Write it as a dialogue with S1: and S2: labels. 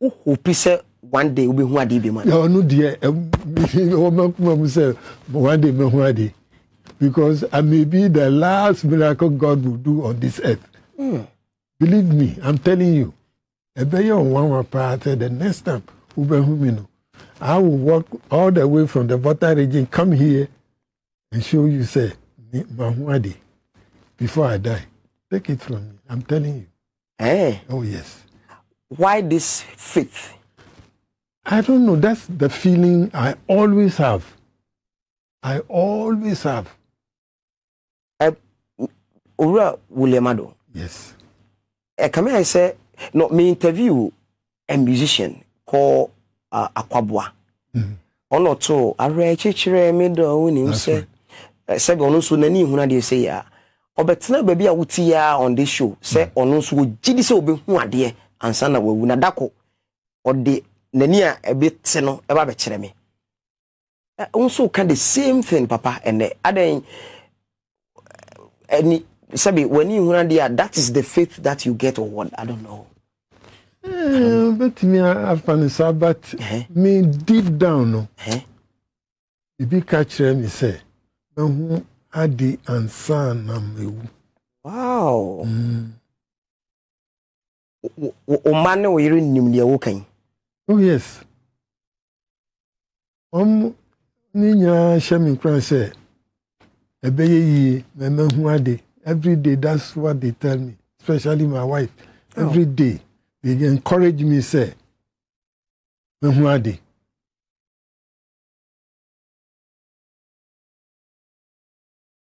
S1: wohopi sɛ one day wobɛhu adeɛ bi ma
S2: no ɔno deɛ wɔmakoma mu sɛ one day mɛhu adeɛ because i may be the last miracle god will do on this earth mm. believe me i'm telling you ɛbɛyɛ ɔwanwa paa sɛ the next time wobɛhu me no i will walk all the way from the water region come here and show you sɛ mahu adeɛ before i die take it from me i'm telling you hey. Eh? oh yes why this faith? I don't know. That's the feeling I always have.
S1: I always have. Owura William Ado. Yes. Uh, Kame I say, no, me interview a musician called uh, Akwabwa. Mm-hmm. Ọ̀nà ọ̀tọ̀ ààrẹ ẹ̀kyẹ́kyẹ́rẹ́ mi dọ̀ ọ̀hún ni sẹ́ sẹ́bi ọ̀nà nso n'ani ìhun adìẹ sẹ́ yà ọ̀bẹ̀tẹ̀nà bẹ̀bi à wọ́n ti on this show sẹ́ mm-hmm. ọ̀nà nso wọ́n jídi sẹ́ ọ̀bẹ̀ hu adìẹ ansa na wawu na dako ɔde n'ani a ɛbi te no ɛba abɛkyerɛ me nso ka the same thing papa ɛnɛ adan ɛni sabi w'ani huna deɛ a that is the faith that you get or what i don't know.
S2: bɛtumi afa ne sa but me deep down no ebi
S1: ka kyerɛ me sɛ
S2: mahu ade ansa na mawu.
S1: wow. Mm ɔma ne ɔyere nim deɛ wo kan oh yes ɔm ne
S2: nyinaa hyɛ me nkora sɛ ɛbɛyɛ yie na mahu ade every day that's what they tell me especially my wife every oh. day they encourage me sɛ
S1: mahu ade